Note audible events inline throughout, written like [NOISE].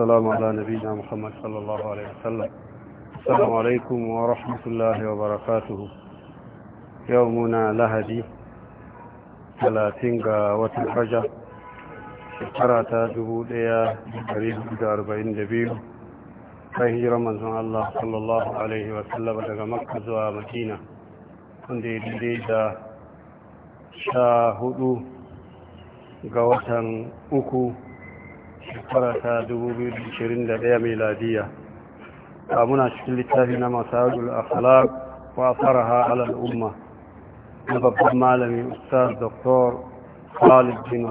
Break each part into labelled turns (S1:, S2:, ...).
S1: والسلام على نبينا محمد صلى الله عليه وسلم السلام عليكم ورحمة الله وبركاته يومنا لهدي ثلاثين وتحجة شكرة دبودية قريب أربعين دبيو فهجر من الله صلى الله عليه وسلم daga makka zuwa madina wanda ya daidai da sha hudu ga watan uku shekara ta 2021 meladiya a muna cikin littafi na masarul akhlaq wa faraha ala al'umma na babban malami ustaz dr khalid bin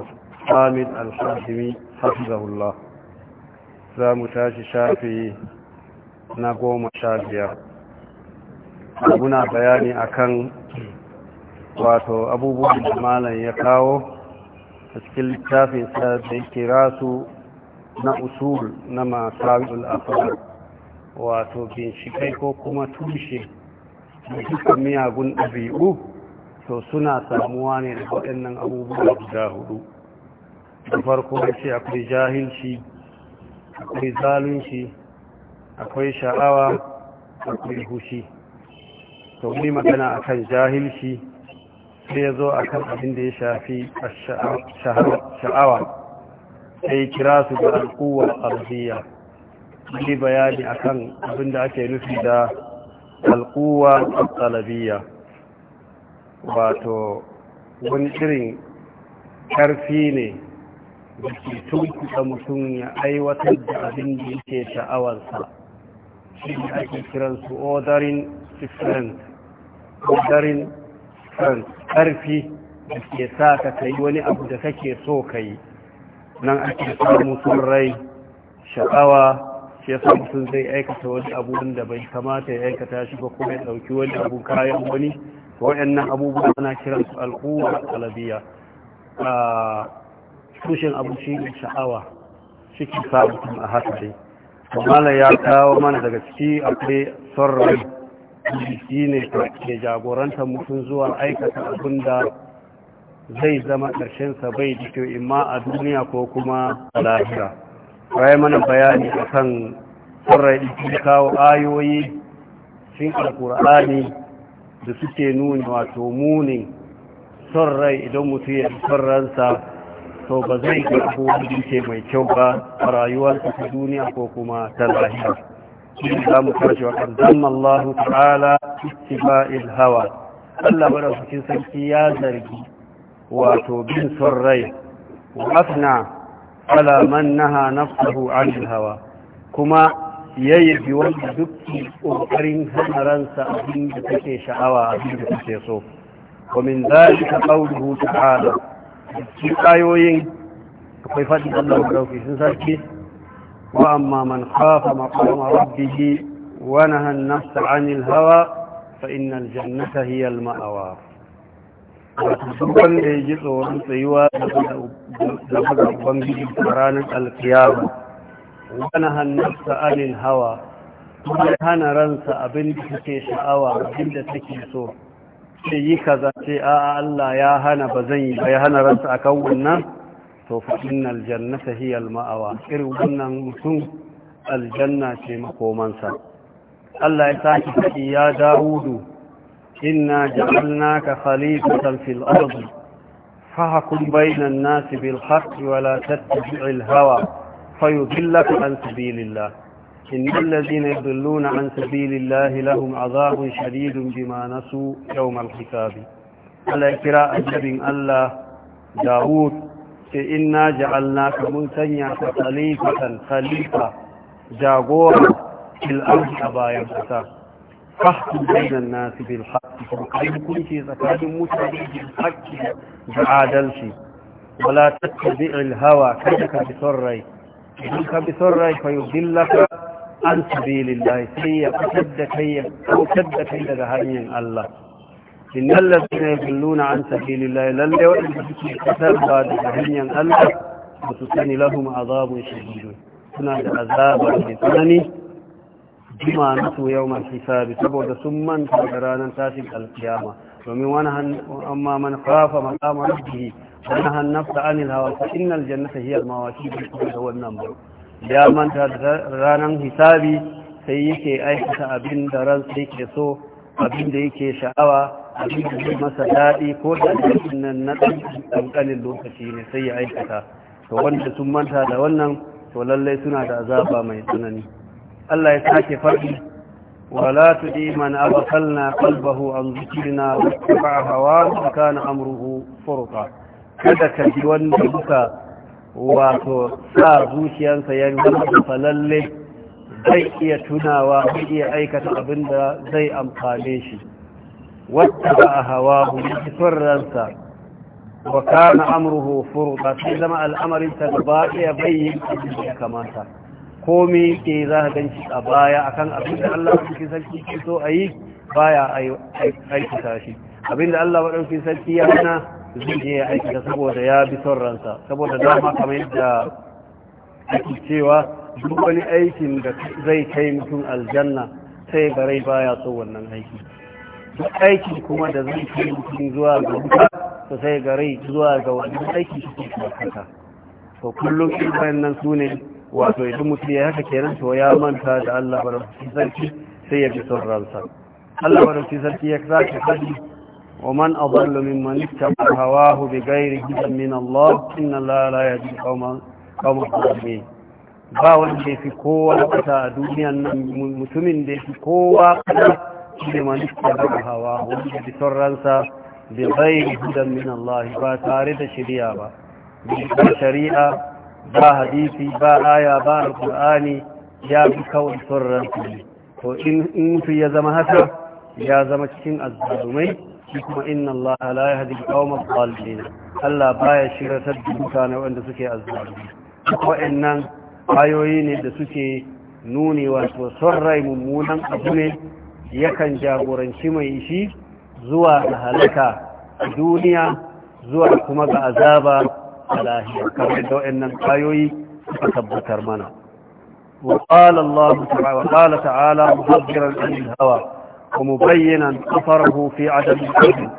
S1: hamid al-hajimi hafizahullah za mu tashi shafi na goma sha biyar muna bayani akan wato abubuwan da malam ya kawo a cikin littafin sa da ya kira su na usul na masarar afirka wato bincike ko kuma tushe da suka miyagun ɗabi'u to suna samuwa ne da waɗannan abubuwa guda hudu da farko ce akwai jahilci akwai zalunci akwai sha'awa akwai hushi to ni magana akan jahilci sai ya zo akan abin da ya shafi a sha'awa sai kira su da alkuwar arziya yi bayani akan abin da ake nufi da alkuwar talabiya wato wani irin ƙarfi ne da ke tunkuta mutum ya aiwatar da abin da yake sha'awarsa shi ne ake su ordering strength ordering strength ƙarfi da ke sa ka kai wani abu da kake so ka yi nan ake samun sun rai sha'awa shi yasa sun zai aikata wani abu da bai kamata ya aikata shi ba kuma ya ɗauki wani abu kayan wani waɗannan abubuwa ana kiran su al'uwa alabiya a tushen abu shi ne sha'awa shi ke sa mutum a haka dai kamala ya kawo mana daga ciki akwai son rai shi ne ke jagorantar mutum zuwa aikata abin da zai zama ƙarshensa bai da imma a duniya ko kuma a lahira Raye mana bayani a kan tsarrai kawo ayoyi cikin alkur'ani da suke nuni wato munin son rai idan mutum ya tsarransa so to ba zai ga abubuwan duke mai kyau ba a rayuwar ta duniya ko kuma ta lahira shi za mu karshe wa kan Allah ta'ala ittiba'il hawa Allah bada cikin sarki ya zargi wato bin son rai wafna alaman naha nafsahu an hawa kuma yayi bi wanda dukki kokarin hana ransa abin da take sha'awa abin da take so wa min zalika qawluhu ta'ala shi ayoyin akwai fadin Allah madauki sun sarki wa amma man khafa maqama rabbih wa nahan nafsa 'anil hawa fa innal jannata hiya al-ma'wa duk wanda ya ji tsoron tsayuwa da maga ubangiji a ranar alkiyama wani hannun anin hawa kuma hana ransa abin da take sha'awa abin da take so ce yi kaza ce a Allah ya hana ba zan yi ba ya hana ransa akan wannan to fa aljanna jannata hiya ma'awa irin wannan mutum aljanna ce makomansa Allah ya saki faɗi ya Dawudu إنا جعلناك خليفة في الأرض فحكم بين الناس بالحق ولا تتبع الهوى فيضلك عن سبيل الله إن الذين يضلون عن سبيل الله لهم عذاب شديد بما نسوا يوم الحساب على كراء النبي الله داود إنا جعلناك منتنع خليفة خليفة جاغورا في الأرض أبايا فحكم بين الناس بالحق kai hukunci tsakanin mutane da hakki da adalci wala tattabi'il hawa kada ka bi son rai idan ka bi son rai fa yudillaka an sabilillah sai ya fitar da kai ya kautar da kai daga hanyar Allah innal ladina yudilluna an sabilillah lalle wanda suke kasarwa daga hanyar Allah ba su sani lahum azabun shadidun suna da azabar da tsanani bima nasu yawmal hisabi saboda sun manta da ranar tashin alkiyama domin wani amma man khafa maqama rabbihi wani nahan nafsa anil hawa fa innal jannata hiya al kuma da wannan ba ya manta da ranar hisabi sai yake aikata abin da ran sai ke so abin da yake sha'awa abin da zai masa daɗi ko da nan na ɗan lokaci ne sai ya aikata to wanda sun manta da wannan to lallai suna da azaba mai tsanani Allah ya sake faɗi ولا تدي من أغفلنا قلبه عن ذكرنا واتبع هواه وكان أمره فرطا kada ka ji wanda duka wato sa zuciyarsa ya rubuta falalle zai iya tunawa zai iya aikata abin da zai amfane shi wata ba a hawa hulki son ransa wa kana amruhu furuta sai zama al'amarinsa gaba ɗaya bayyin abin da ya kamata komi ke za a ganci a baya akan abin da Allah cikin sarki ke so a yi baya aikita shi abin da Allah waɗansu sarki ya hana zai je ya aikita saboda ya bi son ransa saboda dama kamar yadda ake cewa duk wani aikin da zai kai mutum aljanna sai barai baya so wannan aiki duk aiki kuma da zai kai mutum zuwa ga wuta to sai garai zuwa ga wannan aiki shi ke haka to kullum irin nan su ne wato idan mutum ya haka kenan to ya manta da Allah barauci sarki sai ya fi son ransa Allah barauci sarki ya zaka fadi man أضل ممن اتبع هواه بغير هدى من الله إن الله لا يهدي قوم قوم الظالمين ba wanda fi kowa kasa a duniyan nan mutumin da fi kowa kasa shi man اتبع هواه wanda bi son ransa bi ghairi hudan min Allah ba tare da shari'a ba bi shari'a ba hadisi ba aya ba alkur'ani ya fi kawai son ransu to in mutu ya zama haka ya zama cikin azzalumai shi kuma inna Allah la yahdi al-qawma Allah baya shiratar da mutane wanda suke azzalumi wa'annan ayoyi ne da suke nuni wato son rai mummunan abu ne yakan jagoranci mai shi zuwa halaka duniya zuwa kuma ga azaba lahiya kamar da wa'annan kayoyi suka tabbatar mana wa ta'ala muhajjiran ɗin hawa wa mubayyanan ƙafarahu fi adam ɗin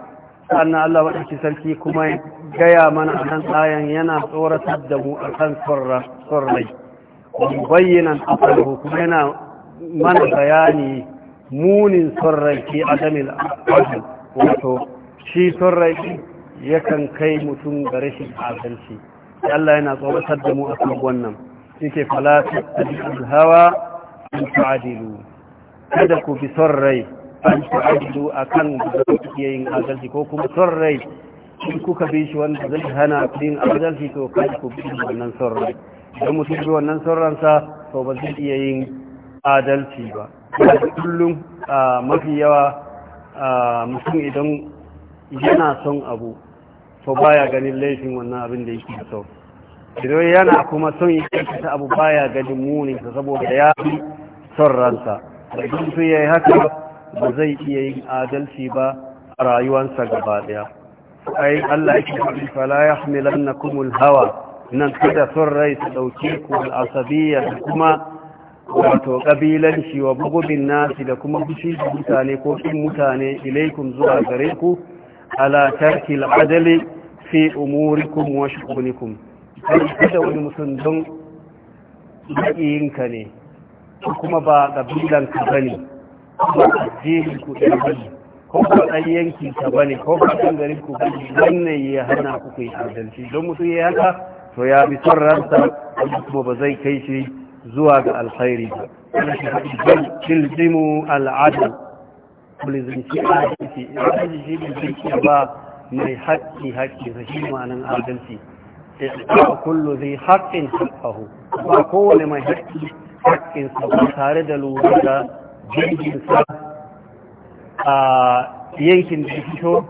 S1: sa'an Allah waɗanci sarki kuma gaya mana a nan tsayan yana tsoratar da mu a kan tsorrai wa mubayyanan ƙafarahu kuma yana mana bayani munin tsorrai fi adam ɗin wato shi tsorrai yakan kai mutum ga rashin adalci Allah yana tsoratar da mu a kan wannan yake fala tattabi'ul hawa an tu'adilu kada ku bi son rai an tu'adilu akan da kuke yin adalci ko kuma son rai in kuka bi shi wanda zai hana yin adalci to kada ku bi wannan son rai idan mutum bi wannan son ransa to ba zai iya yin adalci ba kullum mafi yawa mutum idan yana son abu to baya ganin laifin wannan abin da yake so idan yana kuma son yi ta abu baya ganin munin sa saboda ya fi son ransa da idan su yayi haka ba zai iya yin adalci ba a rayuwarsa gaba daya ai Allah yake faɗi fala yahmilannakum alhawa nan kada son rai su dauke ku al'asabiyya kuma wato kabilanci wa bugubin nasi da kuma fushi mutane ko kin mutane ilaikum zuwa gare ku ala tarki al'adali fi umurikum wa shughlikum kada wani mutum don ka ne kuma ba kabilan ka bane ba addinin ku ɗaya bane ko ba ɗan yanki ka bane ko ba ɗan garin ku bane wannan ya hana ku kai adalci don mutum ya haka to ya bi son ransa kuma ba zai kai shi zuwa ga alkhairi ba. Ana shi haɗi zai tilzimu al'adal kulizanci adalci idan shi ne zai ba mai haƙƙi haƙƙi shi nan adalci ba kullu zai haƙƙin haƙƙahu ba kowane mai haƙƙi haƙƙinsa ba tare da lura da jirginsa a yankin da fito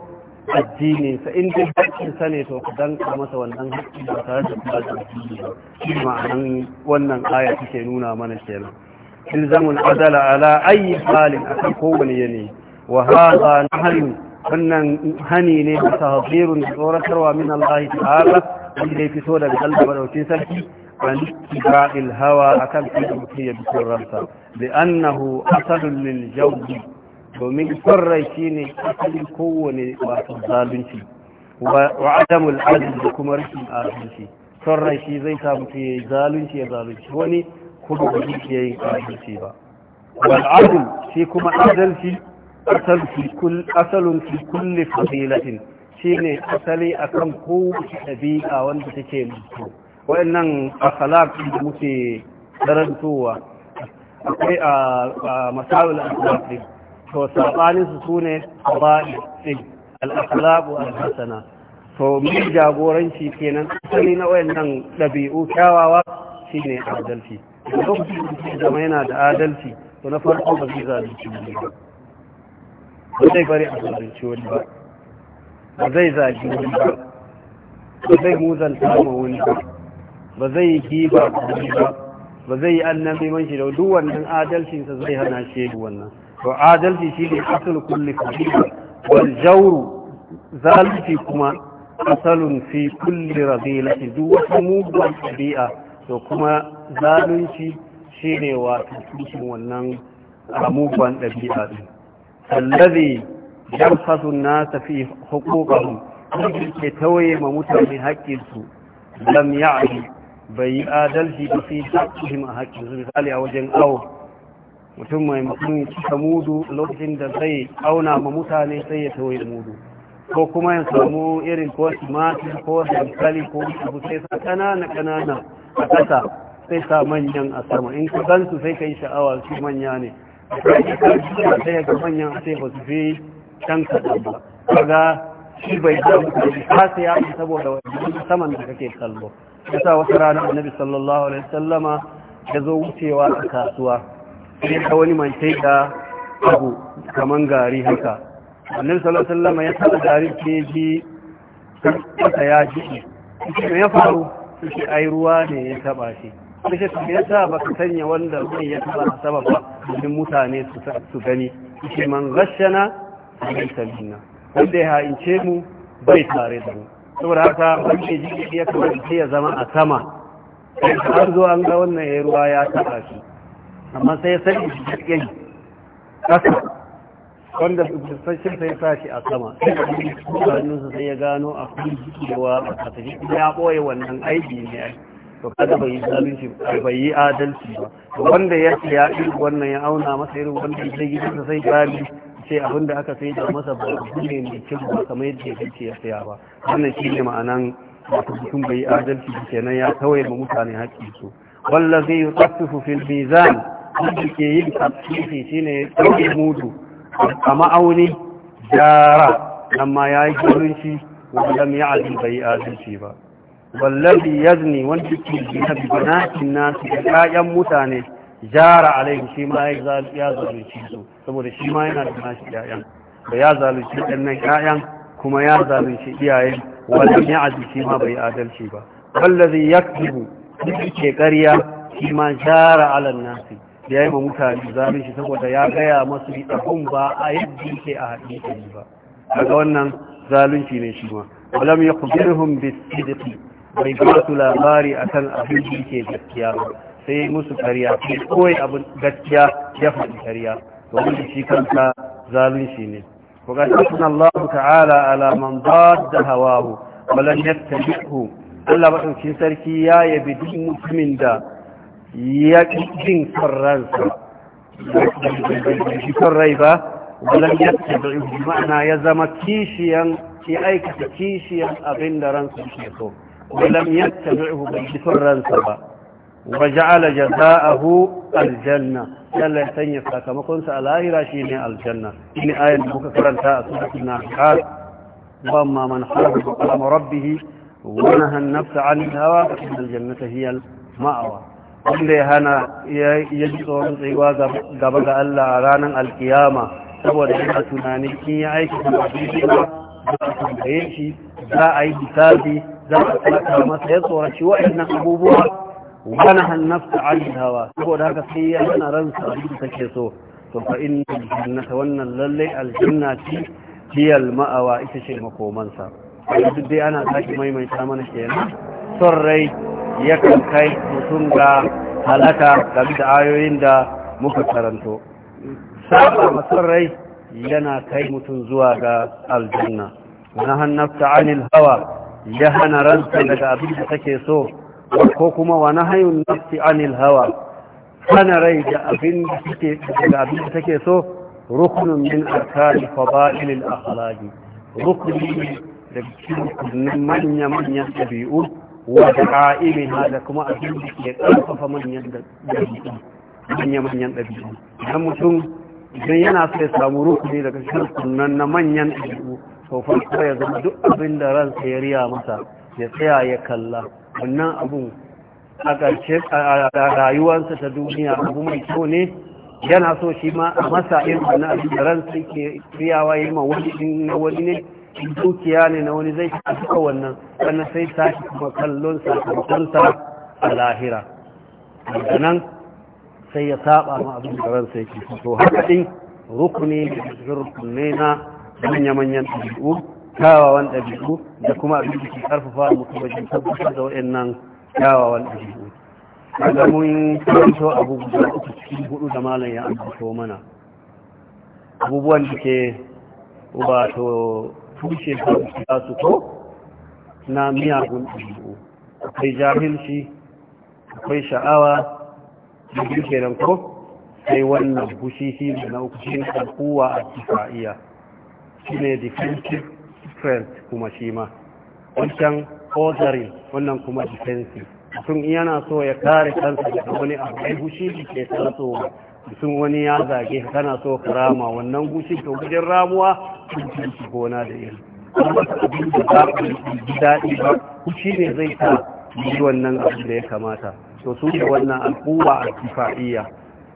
S1: addininsa in dai haƙƙinsa ne to ku ka masa wannan haƙƙi ba tare da ba da addini ba shi ma'anan wannan aya take nuna mana kenan ilzamun azala ala ayi halin a kan kowane yanayi wa haza na hannu wannan hani ne da tahzirun tsoratarwa min Allah ta'ala wanda ya fito daga Allah madaukin sarki an ba ilhawa akan kan mutum ya bikin ransa da annahu asalun lil jawbi domin farrai shine asalin kowane wato zalunci wa adamul adl da kuma rashin adalci son zai sa mutum zalunci ya zalunci wani kuma ba shi ke yin adalci ba wal adl shi kuma adalci asal fi kull asalun fi kulli fadilatin shine asali akan kowace dabi'a wanda take mutu wayannan akhlaq da muke darantowa akwai a masalul akhlaq to sabanin su sune fadil al-akhlaq al-hasana to mun jagoranci kenan asali na wayannan ɗabi'u kyawawa shine adalci zama yana da adalci to na farko ba zai zalunci wani ba ba zai bari a zalunci wani ba ba zai zagi wani ba ba zai muzanta ma wani ba ba zai yi giba wani ba ba zai yi annabi man shi da duk wannan adalcinsa zai hana shi wannan to adalci shi ne asul kulli kabila wal jawru zalunci kuma asalun fi kulli rabilatin duk wata mugun ɗabi'a to kuma zalunci shi ne wa tushen wannan ramuban ɗabi'a ɗin
S2: allazi
S1: fasun na tafi hukukahu ke tawaye ma mutane haƙƙinsu lam ya'ani bai yi adalci da fi haƙƙin a haƙƙinsu misali a wajen awo mutum mai mutum cika mudu lokacin da zai auna ma mutane sai ya tawaye mudu ko kuma ya samu irin ko timati ko misali ko abu sai sa kanana kanana a ƙasa sai sa manyan a sama in ka gansu sai ka yi sha'awa su manya ne sai ga manyan sai ba su fi can kaɗan ba kaga shi bai da mutane ta sai ya yi saboda wani saman da kake kallo sa wata rana annabi sallallahu alaihi wasallama ya zo wucewa a kasuwa sai ka wani mai sai da abu kaman gari haka annabi sallallahu alaihi wasallama ya sa gari ke ji ƙasa ya ji ne ya faru shi ai ruwa ne ya taba shi shi sai ya sa ba ka sanya wanda ruwan ya taba a ba domin mutane su gani shi man gashana a bai sabina wanda ya haince mu bai tare da mu saboda haka wanda ji ya kamata ya zama a sama har zo an ga wannan ya ruwa ya taba shi amma sai sai shi ya yi ƙasa wanda sashen sai sashi a sama hannunsa sai ya gano a kuma cewa a tafi ya ɓoye wannan aiki ne to kada bai yi zalunci bai yi adalci ba wanda ya siya irin wannan ya auna masa irin wanda ya gidansa sai gani ce abin da aka sai da masa ba ne mai cin ba kamar yadda ya ce ya siya ba wannan shi ne ma'anan masu mutum bai yi adalci ba kenan ya kawai ma mutane haƙƙi su wallazi yutaffifu fil mizan wanda ke yin tafsifi shine ya ɗauke mudu a ma'auni jara amma ya yi zalunci wanda mai azin bai yi adalci ba wallabi yazni wanda ke gina banatin nasu da ƴaƴan mutane jara alaihi shi ma ya zalunci su saboda shi ma yana da nashi ƴaƴan da ya zalunci ɗannan ƴaƴan kuma ya zalunci iyayen wanda mai azin shi ma bai adalci ba wallazi yakzibu duk ke ƙarya shi ma jara alan nasi da ya yi ma mutane zamin shi saboda ya gaya masu abun ba a yadda yake a haɗe ba daga wannan zalunci ne shi ma walam ya kujirhum bi sidiki bai su labari akan abin da yake gaskiya ba sai musu kariya sai kawai abin gaskiya ya faɗi kariya domin da shi kanta zalunci ne ku ga sassan Allah ta'ala ala man da hawahu walan yattabi'hu Allah ba sarki ya yabi duk mutumin da ya ƙin son ransa ba rai ba
S2: zalar yadda
S1: da ma'ana ya zama kishiyan ki aikata kishiyan abin da ransa ke so zalar yadda da ibu ransa ba wa ja'ala jaza'ahu aljanna Allah ya sanya sakamakon sa lahira shine aljanna ini ayat da muka karanta a sunan kan wa amma man khafa rabbih wa nahana nafsa 'anil hawa fa aljannatu hiya al wanda ya hana ya ji tsohon tsayuwa gaba ga Allah a ranar alkiyama saboda yana tunanin kin yi aiki da abin za a tambaye shi za a yi hisabi za a tsaka masa ya tsoraci wa'annan abubuwa wani hannafta alin hawa saboda haka sai ya yana ransa abin da take so to fa in jannata wannan lalle aljanna ce ma'awa ita ce makomansa duk dai ana sake maimaita mana kenan son rai yakan kai mutum ga halaka ga da ayoyin da muka karanto saba masarrai yana kai mutum zuwa ga aljanna wani hannafta anil hawa ya hana ransa daga abin da take so ko kuma wani hanyar nafsi anil hawa hana rai da abin da take so rukunin min arkani faba'ilil Rukunin da daga cikin manya-manyan ɗabi'u wa da'a'iliha da kuma abin da ke ƙarfafa manyan ɗabi'u manya-manyan ɗabi'u idan mutum idan yana so ya samu rukuni daga cikin sunan na manyan ɗabi'u to farko ya zama duk abin da ransa ya riya masa ya tsaya ya kalla wannan abun a ƙarshe a rayuwarsa ta duniya abu mai kyau ne yana so shi ma a masa irin wannan abin da ransa ke riyawa ya yi ma wani na wani ne dukiya ne na wani zai shi duka wannan sannan sai tashi kuma kallon sakamakonsa a lahira daga nan sai ya saba ma abin da ransa yake so haka din rukuni da cikin rukunai na manya-manyan ɗabi'u kyawawan ɗabi'u da kuma abin da ke karfafa mutum wajen tabbatar da nan kyawawan ɗabi'u daga mun karanto abubuwa uku cikin hudu da malam ya ambato mana abubuwan da ke wato tushe ba su ko na miyagun ɗabi'u akwai jahilci akwai sha'awa da nan ko sai wannan fushi shi na uku shi kuwa a tufa'iya shi ne defensive strength kuma shi ma wancan ordering wannan kuma defensive iya yana so ya kare kansa daga wani abu ai fushi da ke tasowa mutum wani ya zage ka kana so ka rama wannan gushi to gudun ramuwa sun ci gona da yin kuma abin da za ka yi daɗi ba kushi ne zai ta yi wannan abin da ya kamata to su ne wannan al'uwa a kifa'iyya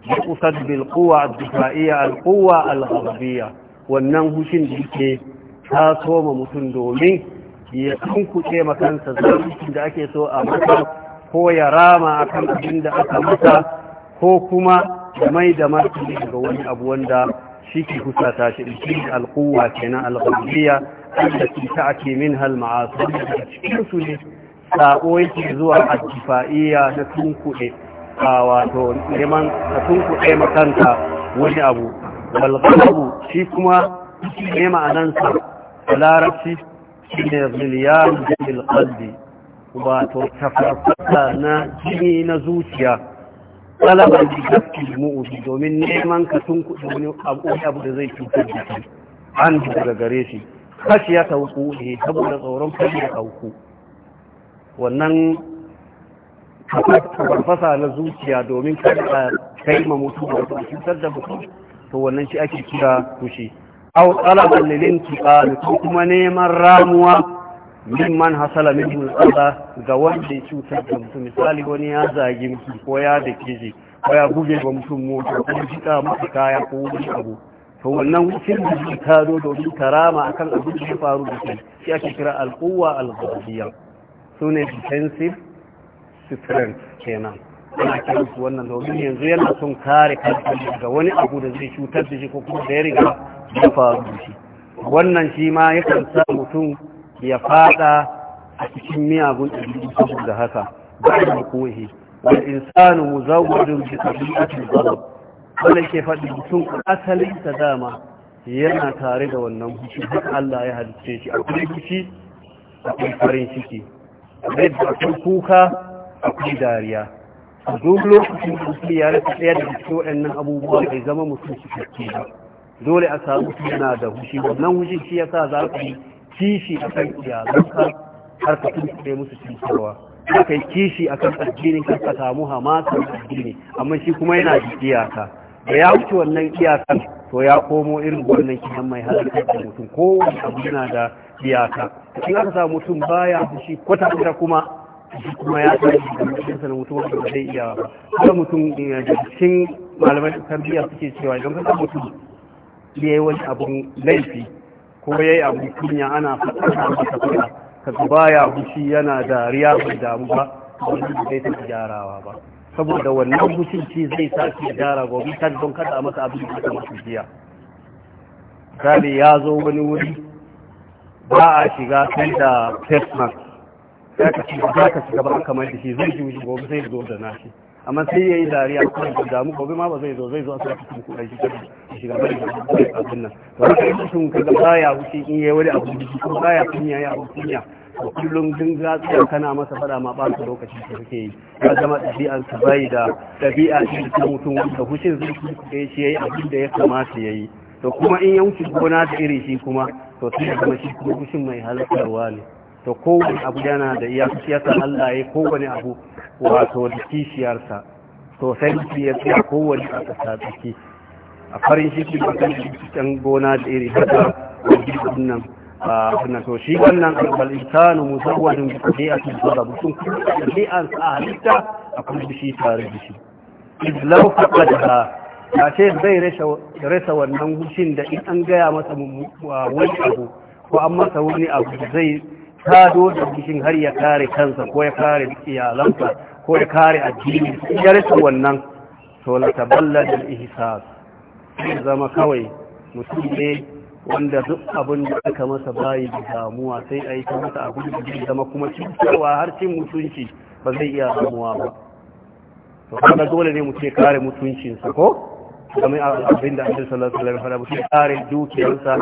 S1: ya kusar bil kuwa a al'uwa al'arabiyya wannan hushin da yake ta soma mutum domin ya tunkuce makansa zarafin da ake so a masa ko ya rama akan abin da aka masa ko kuma da mai da martani daga wani abu wanda shi ke husata shi ɗin alkuwa kenan alghaziyya wanda ke ta'ati min hal ma'asu daga cikin su ne sako yake zuwa attifa'iyya na tunkuɗe a wato neman a tunkuɗe makanta wani abu walghabu shi kuma ne ma'anansa a larabci shi ne miliyan jami'il kalbi wato tafarfata na jini na zuciya talabar da gaske mu'ubi domin neman ka sun kuɗi wani abu da zai cutar da kai an daga gare shi kashi ya sauku ne saboda tsoron kashi ya sauku wannan farfasa na zuciya domin kada kai ma mutu da wata cutar da mutu. to wannan shi ake kira kushi au talabar lilin tuƙalu ko kuma neman ramuwa mimman hasala min hulɗa ga wanda ya cutar da mutum misali wani ya zagi mutum ko ya da keji ko ya buge wa mutum mota ko jika masa kaya ko wani abu to wannan wucin da zai taro domin karama akan abin da ya faru da shi shi ake kira al'uwa al-ghadiyya su ne defensive strength kenan ana kira su wannan domin yanzu yana son kare kansa daga wani abu da zai cutar da shi ko kuma da ya riga ya faru da shi wannan shi ma yakan sa mutum ya fada a cikin miyagun ɗabi'u saboda haka ba mu kohi wal insanu muzawwadun bi tabi'atil zarar wala ke faɗi mutum asalin ta dama yana tare da wannan hushi haka Allah ya halitta shi akwai a akwai farin ciki akwai kuka akwai dariya a duk lokacin da mutum ya rasa ɗaya da cikin waɗannan abubuwa bai zama mutum su dole a samu yana da hushi wannan hushi shi ya sa za ku yi kishi a kan iyalanka har ka tuntuɓe musu cutarwa ka yi kishi a kan addinin ka ka samu hamasar addini amma shi kuma yana da iyaka da ya wuce wannan iyakan to ya komo irin wannan kisan mai halakar da mutum kowane abu yana da iyaka in aka samu mutum baya shi kwata kwata kuma shi kuma ya tsari da mutum na mutum wanda zai iya ba kuma mutum eh, da cikin malamai tarbiyya suke cewa idan ka mutum ya yi wani abun laifi ko yayi abu kunya ana faɗa masa ka kaga ya bushi yana dariya bai damu ba wannan zai ta gyarawa ba saboda wannan gushin zai sa ki gyara gobe kan don kada masa abin da kuma su jiya kare ya zo wani wuri ba a shiga kai da face mask Ya ka shiga ba ka shiga ba kamar da shi zai ji gobe sai zo da nashi amma sai ya yi dariya kuma da damu gobe ma ba zai zo zai zo a sai kuma kuɗin shi kabi shiga bari da abin nan ba ka yi sun kaga ya wuce in yayi wani abu da ko ya kunya ya abu kunya to kullum din gatsiya kana masa fada ma ba ka lokaci da kake yi ya zama ɗabi'an ka bai da ɗabi'a shi da mutum da hushin zai kuɗe shi yayi abin da ya kamata yayi to kuma in ya wuce gona da iri shi kuma to sai ya zama shi kuma hushin mai halartarwa ne to kowane abu yana da siyasa Allah ya kowane abu wato da kishiyarsa to sai mutum ya tsaya kowane a ƙasa tsaki a farin ciki ba kan cikin gona da iri haka wajen wannan a wannan to shi wannan albal insanu musawwadun bi tabi'ati zarab sun kuma tabi'an sa halitta a kuma shi tare da shi izlau faqadha ya ce zai rasa wannan hushin da in an gaya masa wani abu ko an masa wani abu zai Ta dole kishin har ya kare kansa ko ya kare iyalansa ko ya kare addini ya rasa wannan to la taballa da ihsas zama kawai mutum ne wanda duk abin da aka masa bayi da damuwa sai a yi ta masa abin da zai zama kuma cutarwa har cin mutunci ba zai iya damuwa ba to kaga dole ne mutum ya kare mutuncinsa ko kamar abin da annabi sallallahu alaihi wasallam ya fara mutum ya kare dukiyarsa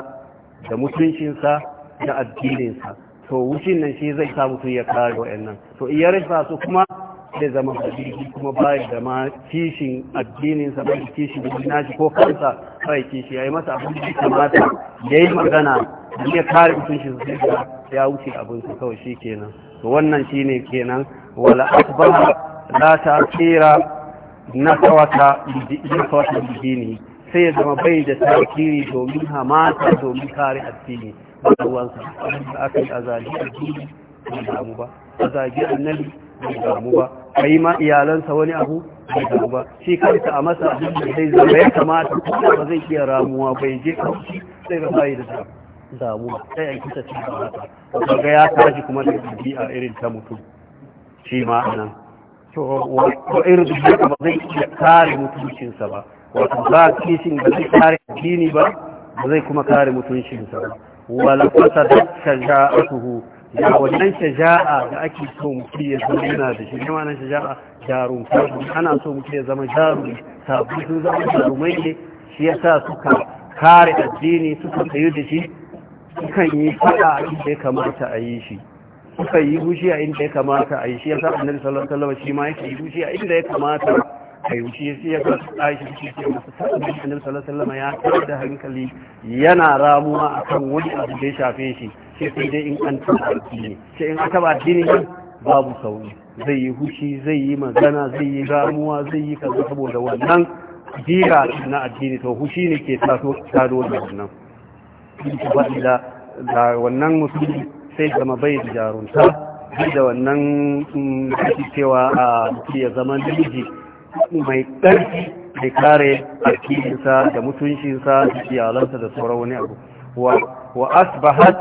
S1: da mutuncinsa da addininsa to wucin nan shi zai sa mutum ya kare nan, to iya rasa su kuma da zama hadisi kuma bayan da ma kishin addininsa bai kishin shi ko kansa bai kishi ya yi masa abin da kamata ya yi magana da ya kare mutum shi zai ga ya wuce abin su kawai shi kenan to wannan shi ne kenan wala akbar la ta tsira na kawata na kawata sai ya zama bai da tasiri domin hamata domin kare addini da ruwansa da aka yi a zagi a jini bai damu ba a a annabi bai damu ba a yi ma iyalansa wani abu bai damu ba shi kansa a masa abin da zai zama ya kamata kuma ba zai iya ramuwa bai je kauci sai ga bayi da ba. sai a kisa cin da haka kaga ya tashi kuma da a irin ta mutum shi ma a nan. to wa irin da ba zai iya kare mutuncinsa ba wato ba kishin da zai kare addini ba ba zai kuma kare mutuncinsa ba wala fasadat shaja'atuhu da wannan shaja'a da ake so mutum ya zama yana da shi ne wannan shaja'a jarum ana so mutum ya zama jarum sabu sun zama jarumai ne shi ya sa suka kare addini suka tsayu da shi sukan yi fada a inda ya kamata a yi shi suka yi hushi a inda ya kamata a yi shi yasa annabi sallallahu alaihi wasallam shi ma yake yi hushi a inda ya kamata ayyuci shi ya ga aiki shi ke masu taɓa annabi sallallahu ya kai da hankali yana ramuwa akan wani abu da ya shafe shi sai sai dai in an taɓa addini sai in aka ba addini babu sauri zai yi hushi zai yi magana zai yi ramuwa zai yi kaza saboda wannan jira na addini to hushi ne ke taso tado da wannan da wannan musulmi sai zama bai da jarunta da wannan mm, kashi cewa a ya zama namiji mai ƙarfi mai kare arkininsa da mutuncinsa da iyalansa da sauran wani abu wa asbahat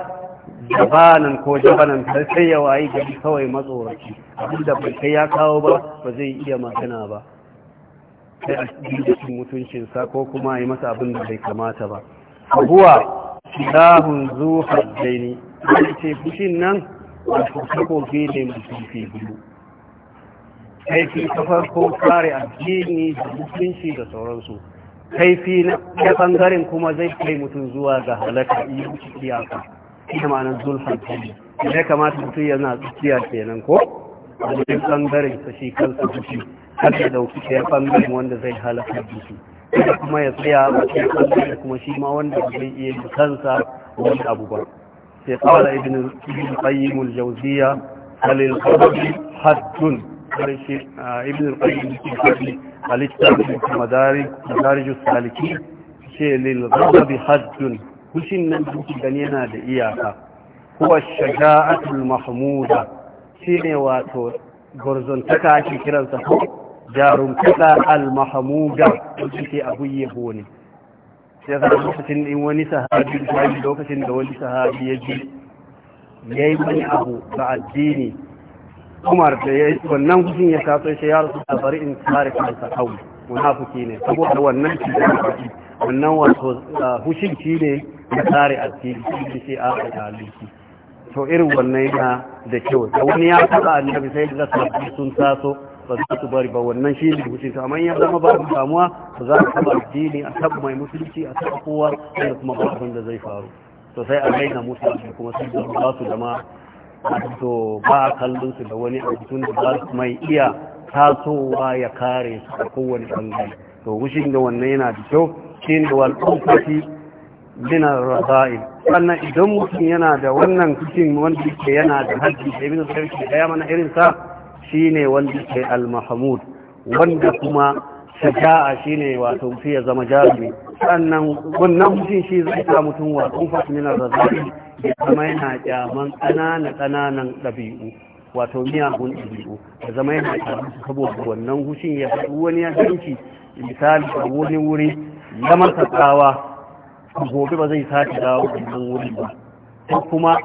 S1: jabanan ko jabanan sai ya yi gari kawai abin abinda bai kai ya kawo ba ba zai iya magana ba sai a cikin mutuncinsa ko kuma yi masa abin da bai kamata ba abuwa shirahun zuwa jaini ce fushin nan a takobi ne mai biyu kaifi ta farko kare addini da mutunci da sauransu kaifi na ta bangaren kuma zai kai mutum zuwa ga halaka iya iyaka ita ma'anar zulfan kenan ya kamata mutum yana tsakiya kenan ko a cikin bangaren sa shi kansa fushi, har ya dauki ta ya bangaren wanda zai halaka jiki da kuma ya tsaya a cikin bangaren kuma shi ma wanda zai iya yi kansa wani abu ba sai kawai ibn qayyim al-jawziya halil qadri haddun karshe ibn al-qayyim ke fadi al-ittihad madarij madarij saliki ce lil ghadabi haddun kushin nan duk gani yana da iyaka huwa shaja'atul mahmuda shine wato gurzuntaka ake kiransa ko jarumtaka al-mahmuda wacce abu yabo ne sai ga lokacin in wani sahabi lokacin da wani sahabi ya ji yi wani abu ba addini umar da ya yi wannan kusin ya sa shi ya rasu da bari in tsari kansa kawai munafiki ne saboda wannan shi da wannan wato hushin shi ne na tsari a cikin shi a aliki to irin wannan yana da kyau da wani ya faɗa annabi sai da sabbi sun taso ba za su bari ba wannan shi ne hushin sa amma ya zama ba mu samuwa ba za ka bar addini a taɓa mai musulunci a taɓa kowa da kuma ba abin da zai faru to sai a raina mutane kuma sun ba su dama wato ba a kallon su da wani abu tun da ba su mai iya tasowa ya kare su a kowane bangare to wushin da wannan yana da kyau shi ne wal kumfati dinar rasa'il sannan idan mutum yana da wannan kushin wanda yake yana da hajji da ibn sarki daya mana irin sa shine wanda yake al mahmud wanda kuma shaja'a shine wato fiye ya zama jarumi sannan wannan mutum shi zai ta mutum wa kumfati dinar rasa'il ya zama yana kyaman ƙananan ƙananan ɗabi'u wato miyagun ɗabi'u da zama yana kyaman saboda wannan hushin ya faɗi wani ya ganci misali a wani wuri ya masa gobe ba zai sake dawo wannan wuri ba ta kuma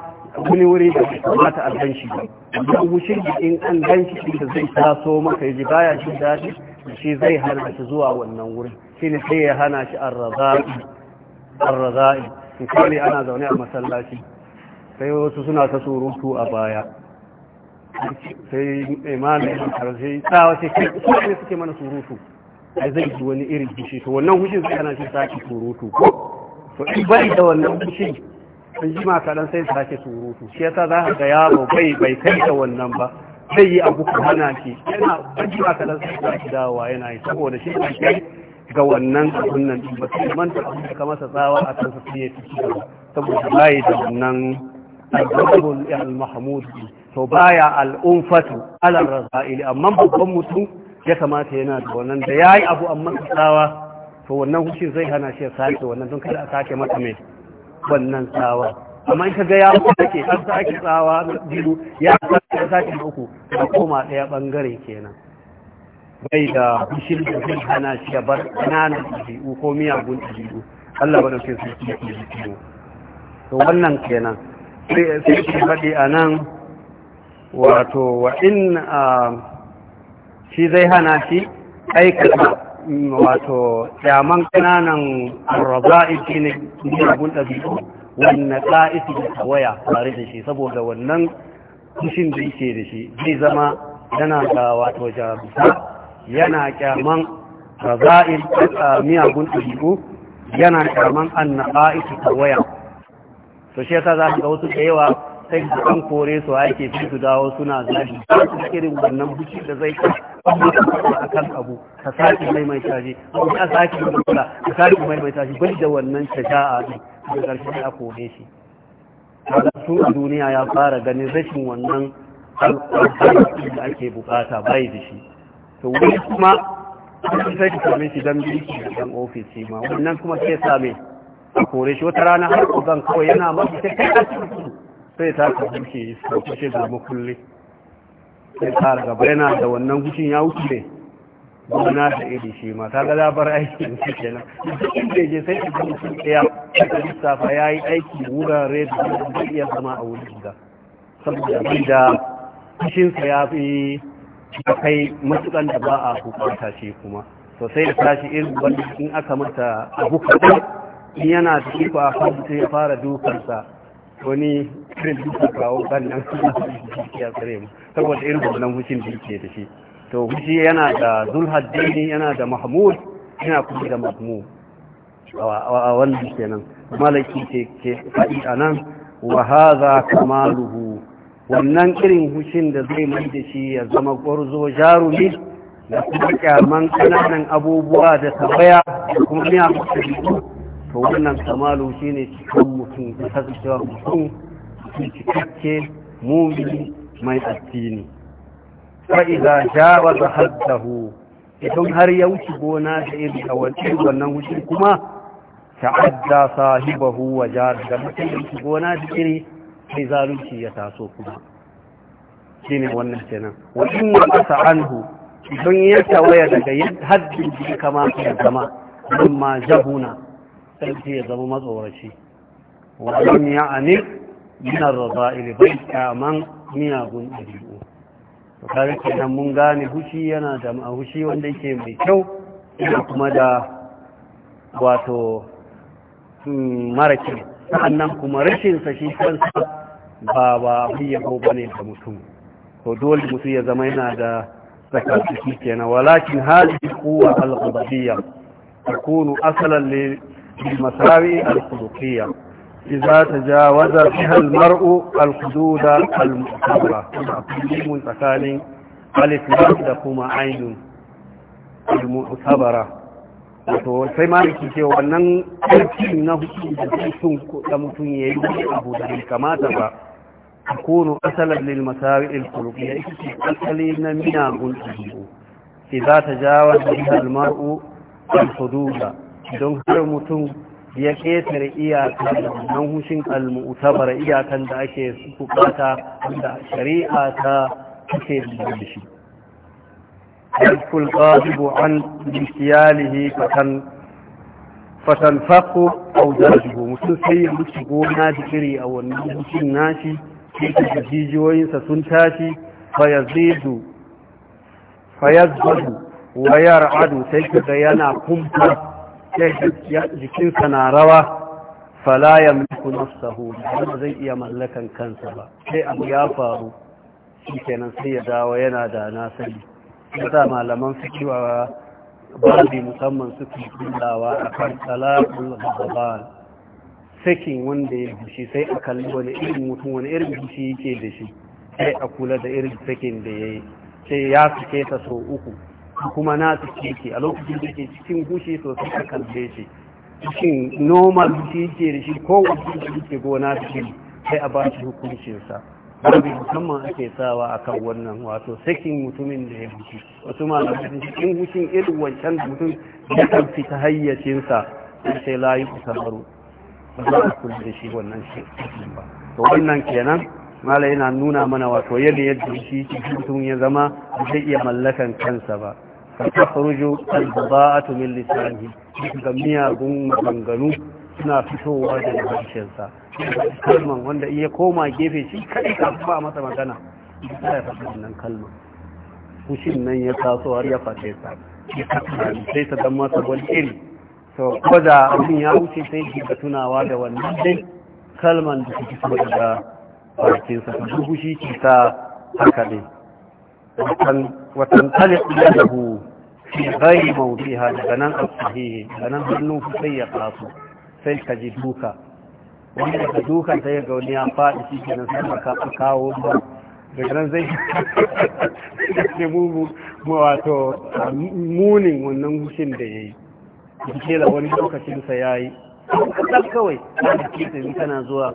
S1: wani wuri da ke kamata a gan ba wannan hushin in an ganci shi da zai taso maka yaji baya shi daɗi shi zai hana shi zuwa wannan wurin ne sai ya hana shi arraza'i arraza'i misali ana zaune a masallaci sai wasu suna ta surutu a baya sai imanin karshe tsawa sai kai kuma ne suke mana surutu ai zai ji wani irin fushi to wannan hushin sai ana shi sake surutu to in bai da wannan fushin sun ji ma kaɗan sai sake surutu shi yasa za ka ga yaro bai bai kai da wannan ba zai yi abu ku hana shi yana an ji ma kaɗan sai sake dawowa yana yi saboda shi ne ga wannan abun nan ba sai manta abin da ka masa tsawa a kan sai ya ci saboda layi da wannan al-rabbul al-mahmud to baya al-unfatu ala rasail amma babban mutum ya kamata yana da wannan da yayi abu amma tsawa to wannan hushin zai hana shi ya sake wannan don kada a sake mata mai wannan tsawa amma in ka ga ya sake an sake tsawa biyu ya sake sake uku da koma ɗaya ɓangare kenan bai da bishin da zai hana shi ya bar ƙananan ɗabi'u ko miyagun ɗabi'u Allah ba da ke su ke ɗabi'u to wannan kenan sai ke faɗi a nan wato wa in shi zai hana shi aikata wato yaman ƙananan raba shi ne miyagun ɗabi'u wannan ƙa'isi da tawaya tare da shi saboda wannan kushin da yake da shi zai zama yana da wato jarabta yana kyaman raza'il miyagun ɗabi'u yana kyaman ta tawaya to shi yasa za ga wasu da yawa sai su an kore su ake fi su dawo suna zafi su irin wannan buci da zai ka a kan abu ka sake mai mai tashi abu ka sake mai kula ka sake mai mai tashi bai da wannan shaja'a ne da ƙarshe a kore shi su a duniya ya fara ganin rashin wannan alƙalƙalƙi da ake bukata bai da shi to wani kuma wani sai ka same shi don biki da dan ofis ma wannan kuma sai same a kore shi wata rana har zan kawai yana mafi sai kai sai ta ka buke sai kushe da makulli sai ta gaba yana da wannan gushin ya wuce gona da iri shi ma ta gaza bar aikin su kenan da je sai ka gudu sun ta lissafa ya yi aiki wurare da zai iya zama a wuri da saboda abin da kushinsa ya fi ta kai matukan da ba a hukunta shi kuma sosai da tashi irin wanda in aka mata abu kaɗan in yana da iko a kan ya fara dukansa wani irin duka kawo kan nan [LAUGHS] ya tsare mu saboda irin wannan hushin da yake da shi to hushi yana da zulhaddini yana da mahmud yana kuma da mahmud a wannan kenan malaki ke fa'i a nan wa haza kamaluhu wannan irin hushin da zai mai da shi ya zama ƙwarzo jarumi da kuma kyaman ƙananan abubuwa da tabaya da kuma miya jiki to wannan kamalu shi ne cikin mutum da kasancewa mutum cikakke mumini mai addini fa'iza jawa da haddahu idan har ya wuce gona da iri a wancan wannan hushin kuma ta adda sahibahu wa jar da mutum ya wuce gona da iri sai zalunci ya taso kuma shi ne wannan kenan wa in kasa anhu don ya tawaya daga haddin da kama ya zama don ma jahuna sai ya zama matsoraci wa lam ya'ani min ar-rada'il bai miyagun ɗabi'u to kare kenan mun gane hushi yana da hushi wanda yake mai kyau kuma da wato hmm, mara kyau sa'annan kuma rashinsa shi kansa ba ba yabo ba ne da mutum to dole mutum ya zama yana da tsakatsaki kenan walakin hali kuwa al-qudabiyya takunu asalan lil masawi al-qudabiyya إذا تجاوز فيها المرء الحدود المعتبرة تقديم تكالي الإطلاق تقوم عين wato sai ma ce wannan ƙarfin na hukun da sun da mutum ya yi wani abu da bai kamata ba a kono asalar lil masari il ya ya ike asali na minagun ɗabi'u ke za ta jawa da bihar mar'u al hududa don har mutum ya ƙetare iyakan da wannan hushin al iyakan da ake bukata da shari'a ta take da shi يلف الغاضب عن بسياله فتن fatanfaku au zarjuhu mutum sai ya mutu gona da iri a wannan mutum nashi sai da jijiyoyinsa sun tashi fayazidu fayazbadu wa yar'adu sai kaga yana kumfa sai jikinsa na rawa fala yamliku nafsahu ba zai iya mallakan kansa ba sai abu ya faru shi kenan sai ya dawo yana da na sani da malaman fikiwa babi musamman suke kullawa a kan talakul gaban sakin wanda ya fushi sai a kalli wani irin mutum wani irin fushi yake da shi sai a kula da irin sakin da ya yi sai ya ke ta so uku kuma na su ke a lokacin da ke cikin fushi sosai a kalle shi cikin normal fushi yake da shi ko wani fushi yake gona da shi sai a ba shi hukuncinsa rabi musamman ake sawa a kan wannan wato sakin mutumin da ya huci wasu malamai in hushin irin wancan mutum ya kan fita hayyacinsa sai layi kusurwaru ba za a kula da shi wannan shi ba to wannan kenan mala yana nuna mana wato yadda yadda shi mutum ya zama zai iya mallakan kansa ba ka tafarujo al-baba'atu min lisanihi ga miyagun maganganu suna fitowa da harshensa kalman wanda iya koma gefe shi kaɗai kafin ba masa magana bisa ya faɗi wannan kalman fushin nan ya taso har ya faɗe sa sai ta zama masa wani iri to ko da abin ya wuce sai ki ga tunawa da wannan dai kalman da suke so daga bakinsa ta dubu shi ki ta haka ne watan talib ya hu fi ghairi mawdiha daga nan as-sahihi daga nan hannun sai ya kasu sai ka ji duka wani daga dukan sai ga wani ya faɗi cikin ke nan sai ka kawo ba daga nan zai [LAUGHS] wato munin wannan gushin da ya yi jike da wani lokacinsa ya yi ɗan kawai ɗan da kisa yi zuwa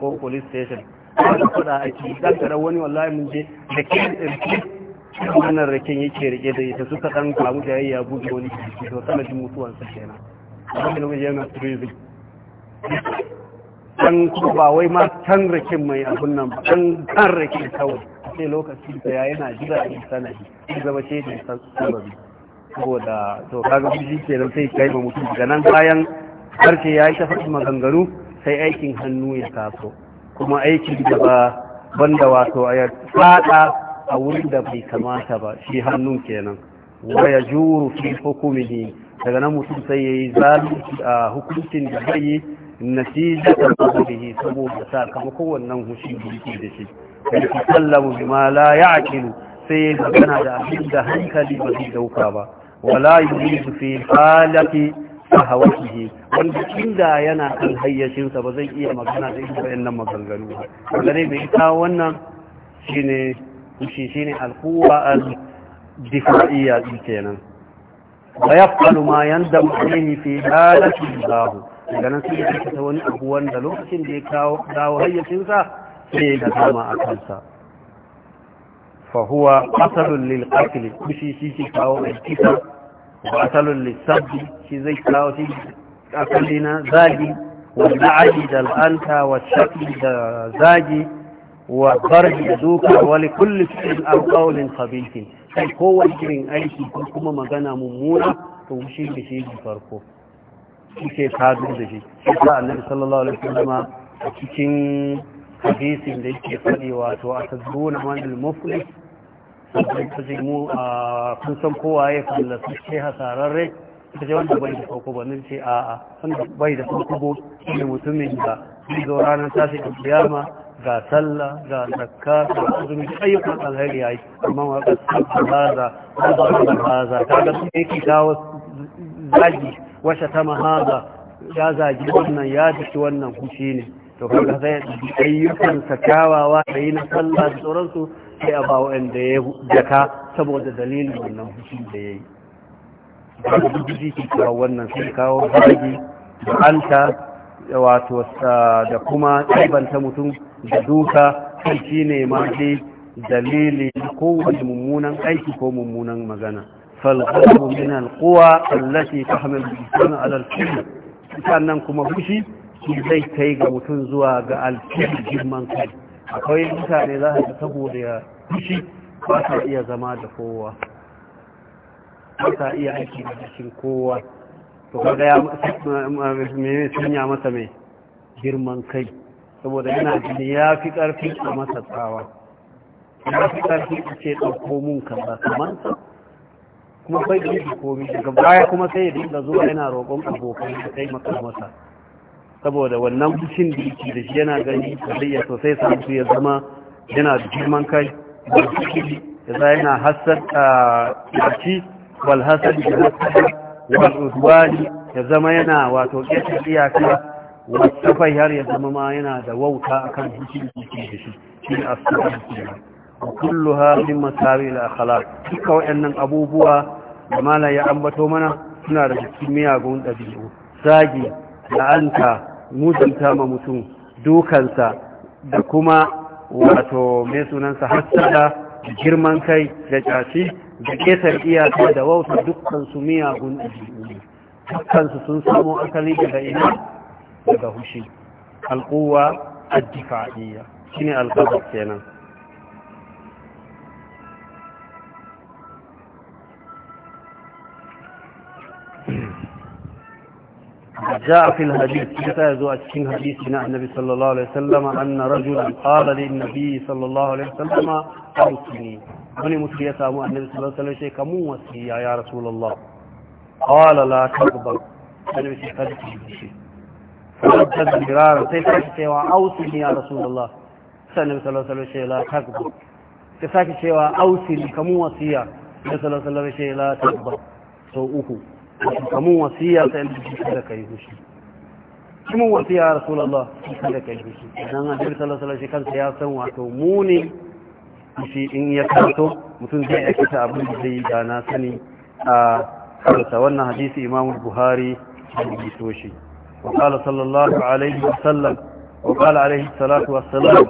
S1: ko police station wani kuɗa ɗan kara wani wallahi mun je da kisa wannan raken yake rike da ita suka ɗan kamu da ya buge wani jiki to sanadin mutuwansa kenan wani yana Ɗan kuma ba wai ma can rikin mai abun nan ba dan kan rikin kawai sai lokaci da ya yana jira in sanadi in zama ce da san sababi saboda to kaga biji kenan sai kai ma mutum daga nan bayan harshe ya yi ta faɗi maganganu sai aikin hannu ya taso kuma aikin da ba banda wato ya fada a wurin da bai kamata ba shi hannun kenan wa ya juru fi hukumihi daga nan mutum sai ya yi zalunci a hukuncin da zai yi natijatar qadrihi saboda sakamakon wannan hushi da shi da shi kai sallamu bima la ya'qilu sai magana da abin da hankali ba zai dauka ba wala yuridu fi halati sahawatihi wanda inda yana kan hayyacinsa ba zai iya magana da bayan nan maganganu ba wanda dai bai wannan shine shi shine al-quwa al-difa'iyya kenan wa yaf'alu ma yandamu alayhi fi halati daga nan sai ya ta wani abu wanda lokacin da ya kawo dawo hayyacinsa sai ya kama a kansa fahuwa asalun lil qatl kushi shi shi kawo aikisa wa asalun lil sabbi shi zai kawo shi asali na zagi wa na'aji da al'anta wa shafi da zagi wa barji da duka wa li kulli fi'lin aw qawlin sai kowace irin aiki ko kuma magana mummuna to shi shi farko kike sadu da shi sai annabi sallallahu alaihi wasallam cikin hadisin da yake fadi wato a man al-muflis sai ta ji mu a kun san kowa ya fallasa sai hasararre ta ce wanda bai da koko ba nan sai a a san bai da sauko ba ne mutumin da zai zo ranar tashi da kiyama ga sallah ga zakka ga azumi ayyukan alheri ai amma wa ka kasar haza haza haza kaga su yake kawo zagi Washa ta mahaza ya zagi wannan ya jiki wannan kushi ne to kaga zai ayyukansa kyawawa da yi na sallah da sauransu sai a ba wa'anda ya jaka saboda dalilin wannan kushi da ya yi ba da wannan sai kawo zagi da wato da kuma tsibanta mutum da duka shi ne ma dai dalili kowane mummunan aiki ko mummunan magana فالغضب من القوى التي تحمل الإنسان على الكبر sannan kuma fushi zai kai ga mutum zuwa ga alkibir girman kai akwai mutane za su saboda ya fushi ba sa iya zama da kowa ba sa iya aiki da cikin kowa to kaga ya sanya masa mai girman kai saboda yana jini ya fi ƙarfi a masa tsawa ya fi ƙarfi a ce ɗauko mun kaza kamar kuma bai da yi komi daga baya kuma sai ya dinga zuwa yana roƙon abokan da taimaka masa saboda wannan kucin da yake da shi yana gani kariya sosai samu ya zama yana da girman kai da ya za yana hasar a ƙarci wal hasar da hasar wal udwani ya zama yana wato ƙeta iyaka wasu har ya zama ma yana da wauta akan bucin da yake da shi shi ne a kulluha min masawi al-akhlaq duka wayannan abubuwa da mala ya ambato mana suna da cikin miyagun ɗabi'u zagi la'anta mutunta ma mutum dukansa da kuma wato mai sunansa hassada girman kai da ƙyashi da ƙetar iyaka da wauta dukkansu miyagun ɗabi'u dukkansu sun samo asali daga ina daga hushi alƙuwa addifa'iyya shine alƙazar kenan جاء في الحديث كتاب أتشين حديثنا النبي صلى الله عليه وسلم أن رجلا قال للنبي صلى الله عليه وسلم أوصني من مسيئة أمو النبي صلى الله عليه وسلم كم وسيئة يا رسول الله قال لا تقبل النبي صلى الله عليه وسلم فردد مرارا سيفاك سيوا أوصني يا رسول الله النبي صلى الله عليه وسلم لا تقبل كساك سيوا أوصني كم وسيئة النبي صلى الله عليه وسلم لا تقبل سوء كم وصية لك أيها الشيء كم وصية يا رسول الله لك أيها الشيء لأن النبي صلى الله عليه وسلم قال سياسة وأتوموني في إن يكرتو مثل زي أكتا أبو الزي جاناسني خلص آه، وانا حديث إمام البهاري بيسوشي وقال صلى الله عليه وسلم وقال عليه الصلاة والسلام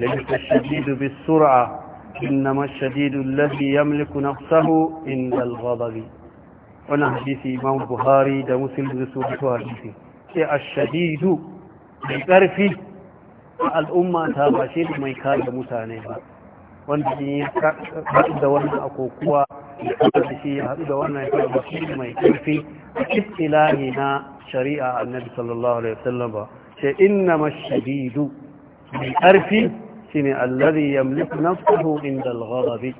S1: ليس الشديد بالسرعة إنما الشديد الذي يملك نفسه عند الغضب wannan hadisi imam buhari da muslim da su fito hadisi sai a shadidu mai ƙarfi a al'umma ta ba shi da mai kare mutane ba wanda ne ya haɗu da wannan a kokowa ya haɗu da shi ya haɗu da wannan ya haɗu da shi mai ƙarfi a istilahi na shari'a annabi sallallahu alaihi wasallam ba sai inna mashadidu mai ƙarfi ne allazi yamliku nafsuhu inda al-ghadabi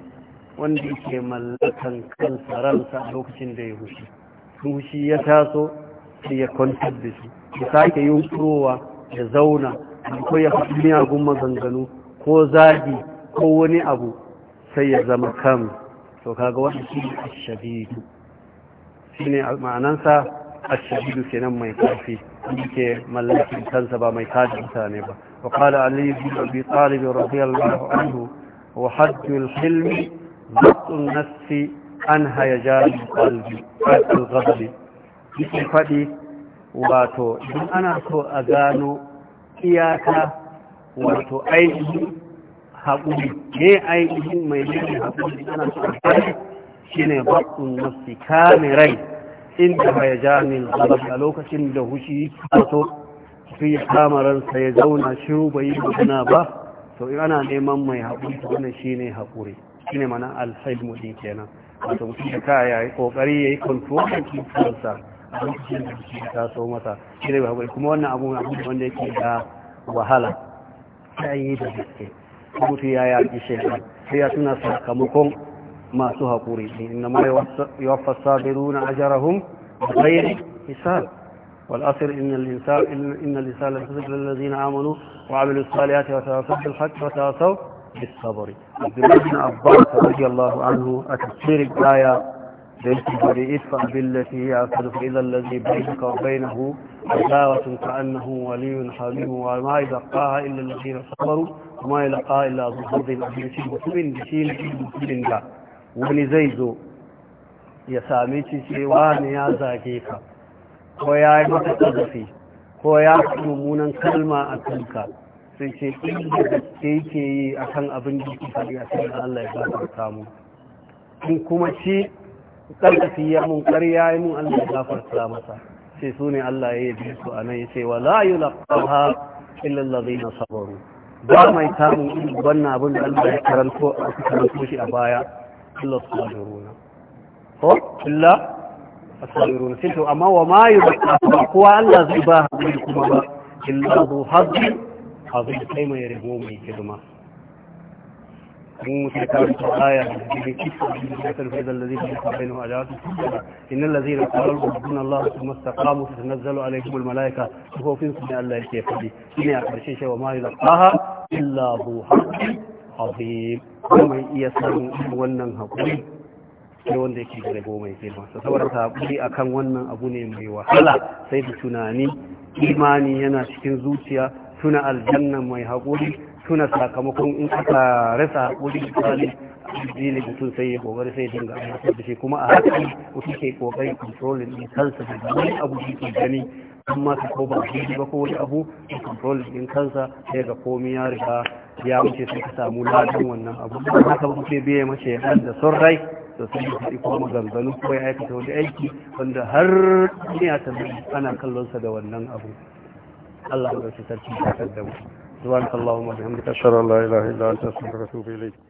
S1: wanda ke mallakan kansa ransa lokacin da ya hushi hushi ya taso sai ya kwantar da shi ya sake yunkurowa ya zauna ko ya faɗi miyagun maganganu ko zagi ko wani abu sai ya zama kam to kaga wani shi ne ashabidu shi ne ma'anansa ashabidu nan mai ƙarfi ke mallakin kansa ba mai kaji mutane ba وقال علي بن ابي طالب رضي الله عنه وحد الحلم ضبط النفس عن هيجان القلب الغضب yake faɗi wato idan ana so a gano iyaka wato ainihin haƙuri ne ainihin mai nemi haƙuri ana so a gani shi ne baƙun nafsi kamerai inda bai ja min a lokacin da hushi a so fi kama ransa ya zauna shiru bai yi magana ba to ina neman mai haƙuri wannan shi ne haƙuri shine mana alhilmu din kenan wato mutum ya ka ya yi kokari ya yi kontrolin kinsa a lokacin da shi ta so masa shi ne bai kuma wannan abu abu wanda yake da wahala sai yi da gaske mutu ya yaƙi shekaru sai ya tuna sakamakon masu haƙuri inna ma yuwaffa sabiruna ajrahum bighayri hisab والأصر إن الإنسان إن الإنسان لفسق للذين آمنوا وعملوا الصالحات وتواصوا بالحق وتواصوا بالصبر عبد الله بن عباس رضي الله عنه تفسير الآية بيته ادفع بالتي هي أسد فإذا الذي بينك وبينه عداوة كأنه ولي حميم وما يلقاها إلا الذين صبروا وما يلقاها إلا ذو حظ عظيم مسلم بشين مسلم لا wani zai zo ya sami ci cewa ne ya zage ka ko ya yi mata ƙazafi ko ya fi mummunan kalma a kanka sai ce inda gaske yake yi a kan abin da ke faɗi a cikin Allah ya gafarta samu. in kuma shi ƙarfafi ya mun ƙarya ya mun Allah ya gafarta masa sai su ne Allah ya yi su a nan ya ce wa la yi laƙaha illallazi na sabaru ba mai samun irin wannan abin da Allah ya karanto a karanto shi a baya Allah illa sabiruna ko illa sabiruna sai to amma wa ma yi ba. kowa Allah zai ba haɗu kuma ba illa zu haɗu abin da kai mai rigo mai girma mun shi ta wata aya da ke cikin wannan sakar da zai yi ta bayan wa ajatu kullu inna allazina qalu inna allaha thumma istaqamu tunzalu alaihim almalaika ko fi sunni allah yake fadi ina a karshe shi wa ma la taha illa hu hakim ko mai iya san wannan hakuri ne wanda yake da goma yake ba sai saboda ta hakuri akan wannan abu ne mai wahala sai da tunani imani yana cikin zuciya tuna aljanna mai haƙuri tuna sakamakon in aka rasa haƙuri misali addini mutum sai ya kokari sai dinga aiwatar da shi kuma a haka su ke ƙoƙari controlling din kansa da wani abu da gani an masu ko ba shi ba ko wani abu da controlling din kansa sai ga komi ya riga ya wuce sai ka samu ladin wannan abu ba haka ba biye mace ya da son rai da sun yi haɗi ko maganganu ko ya aikata wani aiki wanda har duniya ta ana kallonsa da wannan abu الله يبارك في ترجمة الدواء سبحانك اللهم وبحمدك أشهد أن لا إله إلا أنت أستغفرك وأتوب إليك